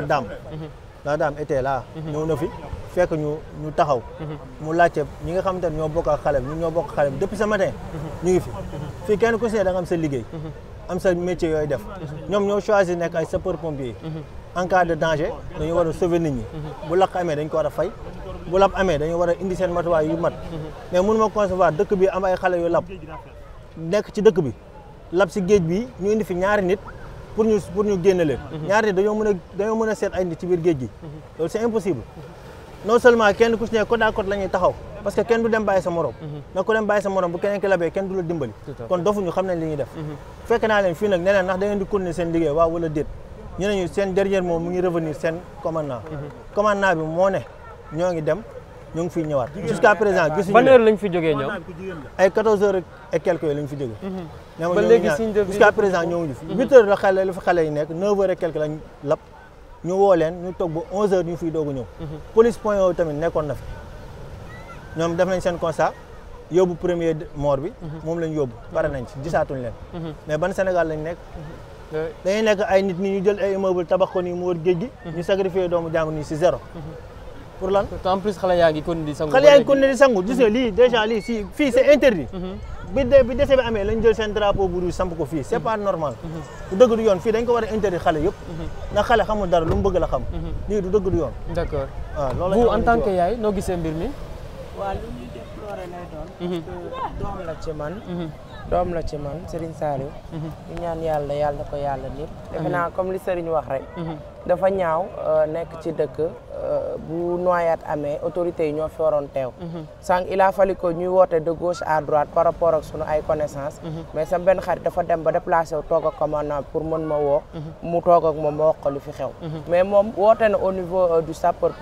la dame mhm. la dame était là mhm. ñëw na fi fekk ñu ñu taxaw mhm. mu laajte ñi nga xamante ne ñoo bokk ak xale bi ñun ñoo bokk xale bi depuis ce matin ñu ngi fi fii kenn ku si ne da nga am sa liggéey am sa métier yooyu def ñoom ñoo choisir nekk ay sapeur pompier en danger dañu war a sauver nit ñi bu lakk amee dañ ko war a fay bu lab amee dañu war a indi seen matuwaay yu mat mais mënu ma concevoir dëkk bi am ay xale yu lab nekk ci dëkk bi lab si géej bi ñu indi fi ñaari nit pour ñu pour ñu génne leen mhm. ñaari dañoo mën a a seet ay nit ci biir géej gi mhm. loolu c'est impossible non seulement kenn ku ci ne côte à taxaw parce que kenn du dem bàyyi sa morom mhm. na ko dem bàyyi sa morom bu keneen ki labee kenn du la dimbali kon dofuñu xam nañ li ñuy def fekk naa leen fii nag ne leen ndax di continuer seen liggéey waaw wala déet ñu neñu seen dernier moom mu revenir seen commandant commandant bi moo ne ñoo ngi dem ñu ngi fiy ñëwaat jusqu'à présent gisuñu ban heure lañ fi jógee ñoom ay 14 heures et quelques yooyu lañ fi jógee ñoom ba léegi jusqu'à présent ñëwuñu fi 8 fi xale nekk 9 heures et quelques lañ mhm. mhm. lap ñu woo leen ñu toog ba 11 heures ñu fiy doog a ñëw mhm. police point yooyu tamit nekkoon na fi ñoom def nañ seen constat yóbbu premier mort bi moom lañu yóbbu pare nañ ci gisaatuñ leen mais ban Sénégal lañ nekk euh, dañuy nekk ay nit ni ñu jël ay immeuble tabax ko nii mu géej gi ñu sacrifier doomu jàmbur nii si zéro pour lan te en plus xale yaa ngi kon di di sangu gis nga lii déjà lii fii c'est interdit mhm. bi de bi amee lañ jël seen drapeau bu rouge samp ko fii c'est pas normal mhm. du dëgg du yoon fii dañ ko war a interdit xale yëpp mhm. ndax xale xamul dara lu mu bëgg la xam lii du dëgg du yoon d'accord waaw ah, en tant que yaay noo gisee mbir mi waaw lu doom la ci man doom la ci man Serigne Saliou ñu ñaan yàlla yàlla ko yàlla nit defe naa comme li Serigne wax rek dafa ñaaw euh, nekk ci dëkk bu noyade amee autorités yi ñoo fi waroon teew sànq il a fallu que ñuy woote de gauche à par rapport ak sunu ay connaissance mais sama benn xarit dafa dem ba déplacé wu toog ak commandant pour mën ma woo mu toog ak moom ma wax lu fi xew mais moom woote na au niveau euh, du sapeur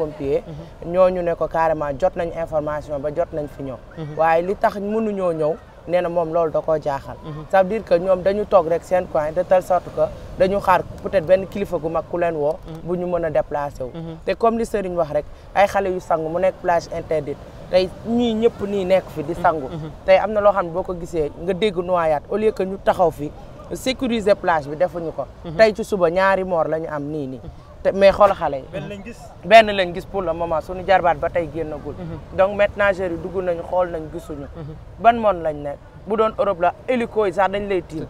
ñoo ñu ne ko carrément jot nañ information ba jot nañ fi ñoo mhm. waaye li tax mënuñoo ñëw nee na moom loolu da koo jaaxal. Mhm. ça veut dire que ñoom dañu toog rek seen coin de tele sorte que dañu xaar peut-être benn kilifa gu mag ku leen woo. Mhm. bu ñu mën a déplacé wu. Mhm. te comme li sëriñ wax rek ay xale yu sangu mu nekk plage interdite tey ñii ñëpp nii nekk fi di sangu. tey am na loo xam ne boo ko gisee nga dégg noyaat au lieu que ñu taxaw fi sécuriser plage bi defuñu ko. tey ci suba ñaari moor la ñu am nii nii. te mais xool xale yi. benn lañ gis benn lañ gis pour le moment suñu jarbaat ba tey génnagul. Mhm. donc ménagères yi dugg nañu xool nañ gisuñu. Mhm. ban moon lañ ne bu doon Europe la hélico yi sax dañ lay tiim.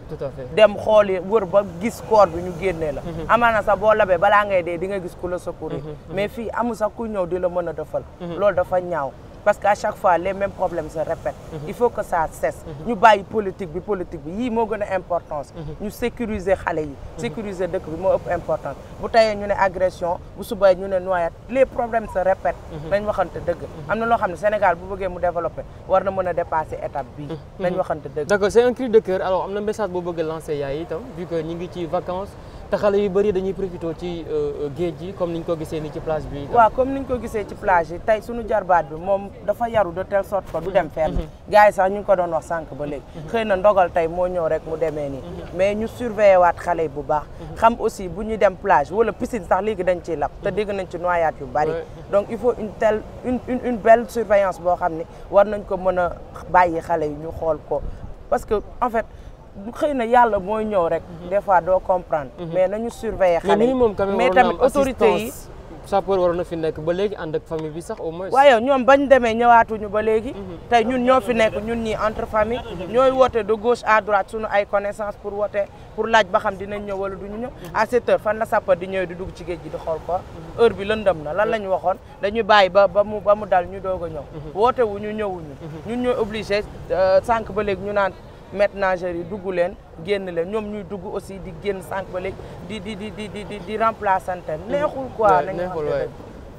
dem xooli wër ba gis corps bi ñu génnee la. Mhm. amaana sax boo labee balaa ngay dee di nga gis ku la secourir. mais fii amu sax ku ñëw di la mën a defal. loolu dafa ñaaw. parce que à chaque fois les mêmes problèmes se répètent. Mhm. il faut que ça cesse. Mhm. ñu bàyyi politique bi politique bi yii moo gën a importance. Mhm. ñu sécuriser xale yi. sécuriser dëkk bi moo ëpp importance bu tayee ñu ne agression bu subay ñu ne noyade les problèmes se répètent. nañ waxante dëgg. am na loo xam ne Sénégal bu bëggee mu développé war na mën a dépasser étape bii. nañ waxante dëgg. d'accord c'est un de cœur alors am na message boo bëgg a lancer yaay itam que ñu ngi ci vacances. te xale yu bëri dañuy profité ci euh, géej gi comme ñu ko gisee ni ci plage bi. waaw comme ni niñ ko gisee ci plage yi tey suñu jarbaat bi moom dafa yaru de telle sorte que du dem fenn. Mhm. gars yi sax ñu ngi ko doon wax sànq ba léegi. Mhm. xëy na ndogal tey moo ñëw rek mu demee nii. Mhm. mais ñu surveiller waat xale yi bu baax. xam aussi bu ñuy dem plage wala piscine sax léegi dañ ciy lab. te dégg nañ ci noyade yu bari. donc il faut une tell une une une belle surveillance boo xam ne war nañ ko mën a bàyyi xale yi ñu xool ko xëy na yàlla mooy ñëw rek. des fois doo comprendre. Mhm. mais nañu surveiller xale yi mais tamit autorité yi. sapeur waroon na fi nekk ba léegi ànd ak famille bi sax au moins. waaye ñoom bañ demee ñëwaatuñu ba léegi. Mhm. tey ñun ñoo fi nekk ñun ñii entre famille. ñooy woote de gauche à droite suñu ay connaissance pour woote pour laaj ba xam dinañ ñëw wala duñu ñëw. Mhm. à cette heure fan la sapeur di ñëw di dugg ci géej gi di xool ko heure bi lëndëm na lan la ñu waxoon dañuy bàyyi ba ba mu ba mu dal ñu doog ñëw. ñu ñëwuñu. ñun ñooy euh, ñu naan. maître nageurs yi dugg leen génn leen ñoom ñuy dugg aussi di génn sànq ba léegi di di di di di di remplaçante mm. neexul quoi nañ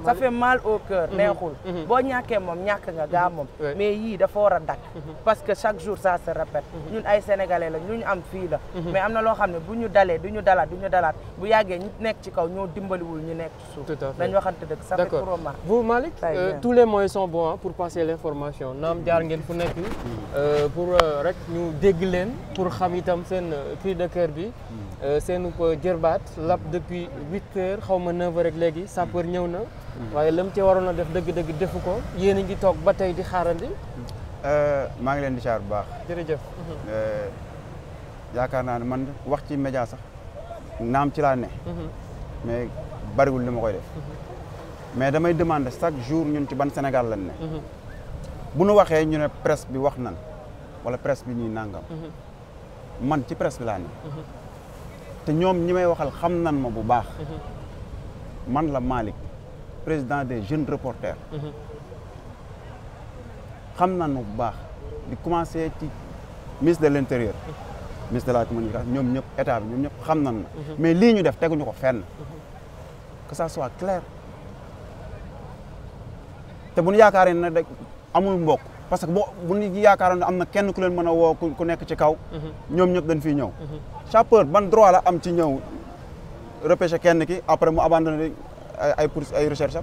ça fait mal au cœur mhm. neexul mhm. boo ñàkkee moom ñàkk nga gaa moom mais yii dafa war a dakk mhm. parce que chaque jour ça se répète ñun ay sénégalais la ñu am fii la mais am na loo xam ne bu ñu dalee du ñu dalaat du ñu dalaat bu yàggee ñi nekk ci kaw ñoo dimbaliwul ñu nekk ci suuf dañu waxante dëgg ça fait trop mal vous Malick euh, tous les moyens sont bons pour passer l'information naam jaar ngeen fu nekk mm. euh, pour euh, rek ñu dégg leen pour xam itam seen cri de cœur bi mm. seen jërbaat lab depuis huit heures xaw ma neuf heures rek léegi sapeur ñëw na waaye lam cee waroon a def dëgg-dëgg defu ko yéen a ngi toog ba tey di xaarandi. Euh, maa ngi leen di saar bu baax. jërëjëf. Euh, yaakaar naa ne man wax ci média sax naam ci laa ne. Mhm. mais bariwul li ma koy def. Mhm. mais damay demander chaque jour ñun ci ban senegal la ne. Mhm. bu nu waxee ñu ne presse bi wax nan wala presse bi ñuy nangam. man ci presse bi laa ne. te ñoom ñi may waxal xam nan ma bu baax. man la Malick. président des jeunes reporters. Mhm. xam nañu bu baax di commencé ci ministre de l' intérieur. Mhm. ministre de la communication ñoom ñëpp état bi ñoom ñëpp xam na mhm. mais lii ñu def teg teguñu ko fenn. que ça soit clair. te bu ñu yaakaaree ne rek amul mbokk parce que boo bu ñu yaakaaroon ne am na kenn ku leen mën a woo ku nekk ci kaw. ñoom ñëpp dañ fiy ñëw. chauffeur ban droit la am ci ñëw repêché kenn ki après mu abandonné. ay pour ay recherche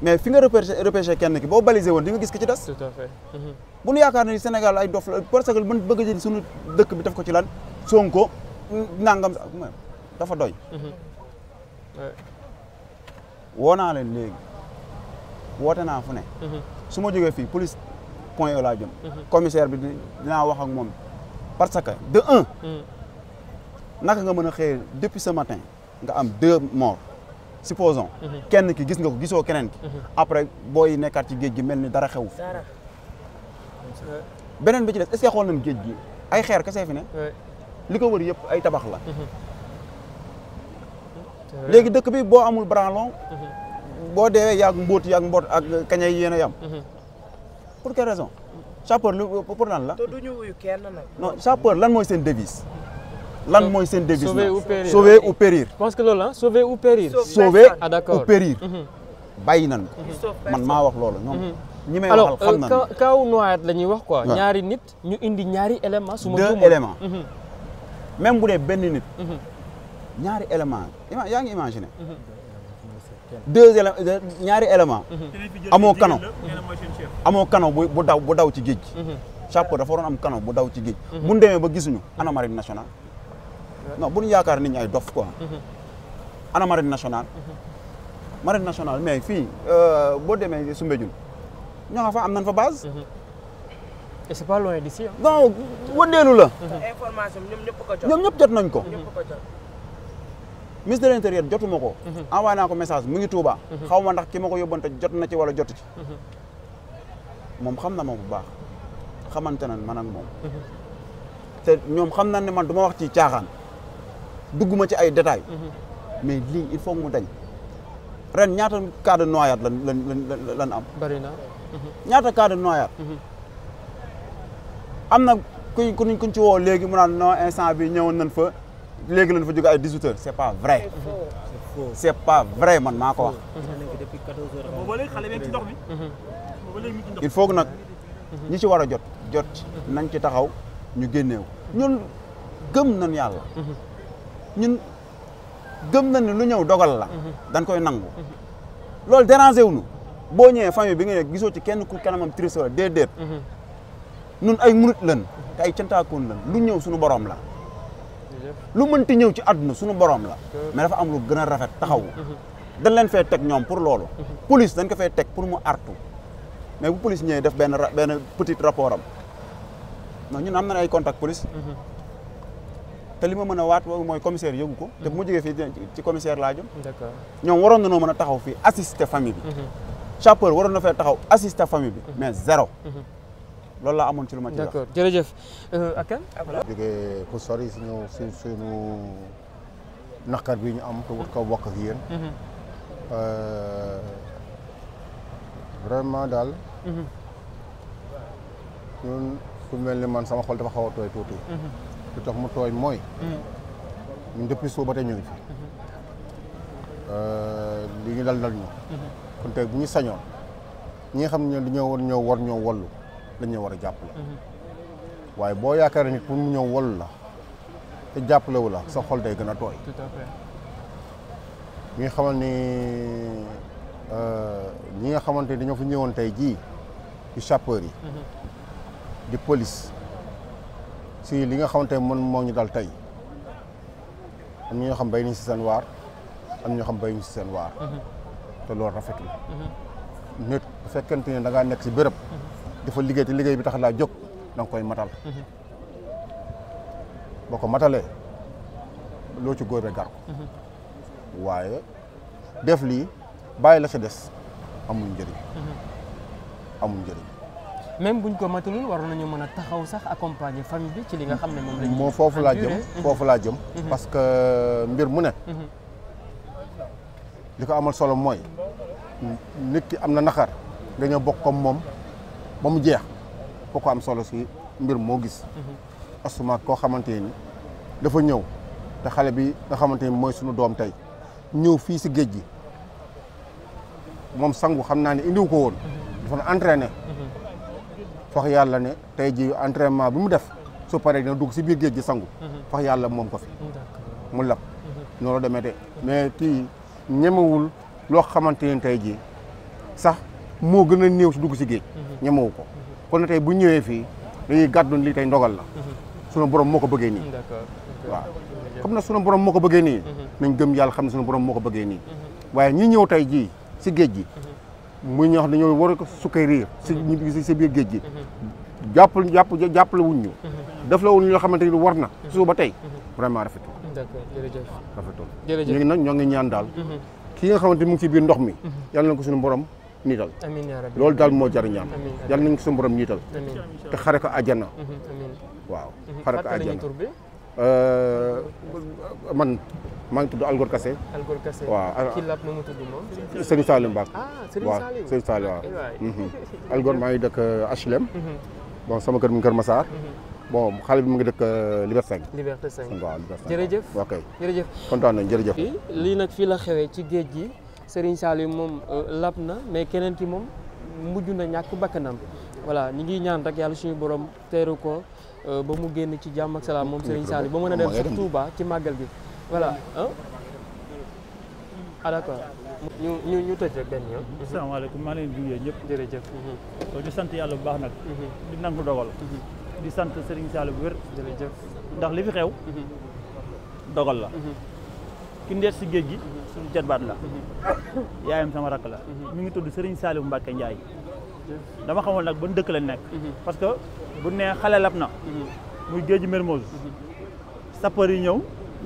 mais fi nga repêché repêché kenn ki boo balisé woon di nga gis ki ci des. tout à fait. Mhm. bu nu yaakaar ne Sénégal ay dof la parce que man bëgg jël suñu dëkk bi daf ko ci lan Sonko nangam dafa doy. Mhm. woo naa leen léegi woote naa fu ne. Mhm. su ma jógee fii police point e laa jëm. commissaire bi dinaa wax ak moom parce que de un. naka nga mën a xëyee depuis ce matin nga am deux morts. supposons. Mhm. kenn ki gis nga ko gisoo keneen ki. Mhm. après booy nekkaat ci géej gi mel ni dara xew. beneen bi ci des est-ce que géej gi ay xeer kese fi ne. li ko wër yëpp ay tabax la. Mhm. léegi dëkk bi boo amul branlon. boo deewee yaag mbóot yaag mboot ak kañay yéen a yam. pour quelle raison. sapeur lu lan la. te du ñu wuyu lan mooy seen devise. lan mooy seen devise na sauver ou périr parce que loolu la ou périr sauver mhm. ou bàyyi nañ man maa wax loolu ñoom mhm. ñi may waxal euh, xam nañ alors la ñuy wax quoi ñaari nit ñu indi ñaari élément su ma même bu dee benn nit mhm. ñaari élément yaa ngi imaginer deux éléments euh, ñaari élément amoo kano amoo kano bu daw bu daw ci géej chapeau dafa waroon am kano bu daw ci géej bu ñu demee ba gisuñu ana marine nationale non bu ñu yaakaar nit ñi ay dof quoi. Mm-hmm. ana marine nationale. Mm-hmm. marine nationale mais fii euh, boo demee Soumbédioune ñoo nga fa am nañ fa base. Mm-hmm. et c'est pas loin d'ici. non wëndeelu la. information ñoom ñëpp ko jot. ñoom ñëpp jot nañ ko. ministre de l'intérieur jotuma ko. envoyé naa ko message mu ngi Touba. xaw ma ndax ki ma ko yóbbante jot na ci wala jotu ci. moom xam na ma bu baax xamante nañ man ak moom. te ñoom xam nañ ne man du ma wax ci caaxaan. dugguma ci ay détails mhm. mais lii il faut mu dañ ren ñaata cas de noyade lan lan am. bari na. Mhm. ñaata cas de noyade. Mhm. am na kuñ kuñ ci woo léegi mu naan non instant bi ñëwoon nañ fa léegi lañ fa jóge ay 18 heures c' est pas vrai. c' est pas vrai man maa ko wax. il faut que nag ñi ci war a jot jot nañ ci taxaw ñu génneew ñun gëm nañ yàlla. ñun gëm na ne lu ñëw dogal la. Mhm. dañ koy nangu. Mhm. loolu déranger wu boo ñëwee famille bi nga ne gisoo ci kenn ku kanamam triste wala déedéet. nun mhm. ay murit lañ te ay cantaakoon lañ lu ñëw suñu boroom la. lu mënti ñëw ci àdduna suñu borom la. mais dafa am lu gën a rafet taxaw. dañ leen fee teg ñoom pour loolu. police dañ ko fee teg pour mu artu. mais bu police ñëwee def benn benn petit rapport am non ñun am na ay contact police. te li ma mën a waat mooy commissaire yëgu ko te bu ma jógee fii ci commissaire laa jëm d'accord ñoom waroon na noo mën a taxaw fii assister famille bi mhm. waroon na fee taxaw assister famille mhm. mais zéro mhm. loolu la amoon ci lu ma ci wax d'accord jërëjëf euh, akan ah, jógee ku sori si ñëw suñ suñu naqar bi ñu am te ka ko bokk ak yéen euh, daal ñun ku mel ni man sama xol dafa xaw tuuti li tax mu tooy mooy. Mm-hmm. ñun depuis suba te ñu ngi fi. Mm-hmm. Euh, li ñu dal dal ñu. Mm-hmm. kon tey bu ñu sañoon ñi nga xam ne dañoo war ñoo war ñoo wallu war a jàppale. waaye boo yaakaaree pour mu ñëw wallu la te jàppalewu la sa xol day gën a tooy. tout à fait. ñu xamal euh, ñi nga xamante ni dañoo fi ñëwoon tey jii ci sapeurs yi. di police. si li nga xamante ne moom moo ñu dal tey am ñoo xam béy nañ si seen waar am ñoo xam béy nañ si seen waar. Mm-hmm. te loolu rafetul. Mm-hmm. nit bu fekkente ne da ngaa nekk si béréb. Mm-hmm. dafa liggéey te liggéey bi tax laa jóg da nga koy matal. boo ko matalee loo ci góobee gar ko. waaye def lii bàyyi la si des amul njëriñ. amul njëriñ. bu buñ ko matalul na ñu mën a taxaw sax accompagner famille ci li xam ne moom lañu moo foofu laa jëm foofu laa jëm mhm. Mhm. parce que mbir mu ne mhm. li ko amal solo mooy nit ki am na naqar nga ñëw bokk kom moom ba mu jeex foo ko am solo si mbir moo gis asuma koo xamante ni dafa ñëw te xale bi nga xamante ni mooy suñu doom tey ñëw fii si géej gi moom sangu xam naa ni indiwu ko woon dafa na entraîné fax yàlla ne tey ji entraînement bi mu def su paree dina dugg si biir géej gi sangu mhm. fax yàlla moom ko fi mu lab mhm. noonu demee de mais kii ñemewul loo xamante ne tey jii sax moo gën a néew si dugg si géej mhm. ñemewu ko kon tey bu ñëwee fii dañuy gàddu li tey ndogal la sunu borom moo ko bëggee nii waaw xam na sunu borom moo ko bëggee nii waaye ñi ñëw tey jii si géej gi muy ñoo xam dañoo war a ko sukkariir si ñu si biir géej gi jàpp jàpp jàppale wuñ ñu def la wuñ ñoo xamante ni war na su ba tey vraiment a d'accord jërëjëf rafetul jërëjëf ñu ngi nag ñoo ngi ñaan daal ki nga xamante mu ngi biir ndox mi mhm. yàlla na ko suñu borom niital loolu daal moo jar ñaan yàlla nañ ko suñu borom niital te xare ko àjjana mhm, waaw mhm, xare ko àjjana Euh, man maa ngi tudd Algor Kassé. Algor Kassé waaw kii laab nu mu tudd moom. Serigne Saliou Mbacke. ah Serigne Saliou waaw Serigne Saliou waaw. Eh mhm. Algor maa ngi dëkk euh, HLM. Mhm. bon sama kër mu Kër Massar. Mhm. bon xale bi mu ngi dëkk euh, Liberté 5. Liberté 5 waaw Liberté 5 jërëjëf. ok jërëjëf kontaan nañu jërëjëf. li nag fii la xewee ci géej gi Serigne Saliou moom lab na mais keneen ki moom mujj na ñàkk bakkanam voilà ñu ngi ñaan rek yàlla suñu borom teeru ko. Euh, ba mu génn ci jàmm ak salaam moom Serigne Saliou ba mën a dem sax Touba ci màggal gi voilà ah d'accord ñu ñu ñu tëj rek mmh. ñëpp jërëjëf. Mmh. di sant yàlla bu baax nag. Mmh. di nangu dogal. di sant Serigne Saliou bu wér. jërëjëf ndax li fi xew. dogal la. ki si géej gi. suñu jatbaat la. yaayam sama rakk la. mu ngi tudd Serigne Saliou Mbacke Ndiaye. dama xamul nag ban dëkk lañ nekk. Mhm. parce que bu nee xale lab na. Mhm. muy géej Mermoz. Mhm. sapeur yi ñëw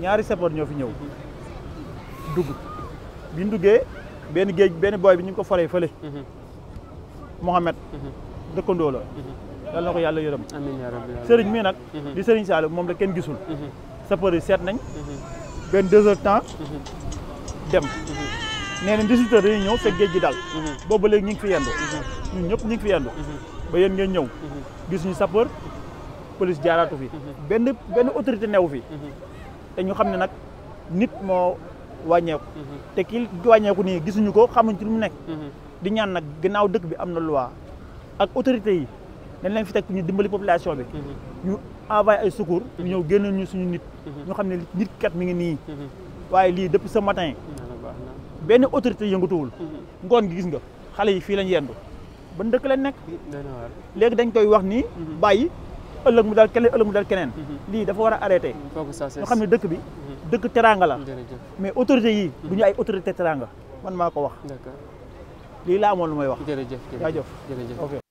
ñaari sapeur ñoo fi ñëw. dugg bi duggee benn géej benn booy bi ñu ngi ko foree fële. Mohamed. dëkkandoo la. yal na ko yàlla yërëm. amiin yaa rabbi sëriñ mii nag. di sëriñ Saliou moom la kenn gisul. sapeur yi seet nañ. benn deux heures temps dem. nee na visiteurs yi ñëw fekk mm-hmm. géej gi daal mm-hmm. boobu léegi ñu ngi fi yendu mm-hmm. ñun ñëpp ñu ngi fi yendu ba yen ngeen ñëw gis ñu sapeur police jaaraatu fi benn benn autorité newu fi te ñu xam ne nag nit moo wàññeeku te ki wàññeeku nii gisuñu ko xamuñ ci lu mu nekk di ñaan nag gannaaw dëkk bi am na loi ak autorité yi dañ leen fi teg ñu dimbali population bi ñu envoyé ay secours ñu ñëw génn suñu nit ñu xam ne nit kat mi ngi nii waaye lii depuis ce benn autorité yëngatuwul. Mhm. ngoon gi gis nga xale yi fii lañ yendu ban dëkk lañ nekk. léegi dañ koy wax ni. Mhm. bàyyi ëllëg mu daal keneen ëllëg mu daal keneen. Mhm. lii dafa war a arrêté. ñoo xam ne dëkk bi dëkk teraanga la. mais autorité yi. du ñu ay autorité teraanga man maa ko wax. lii laa amoon lu may wax. jërëjëf jërëjëf ok.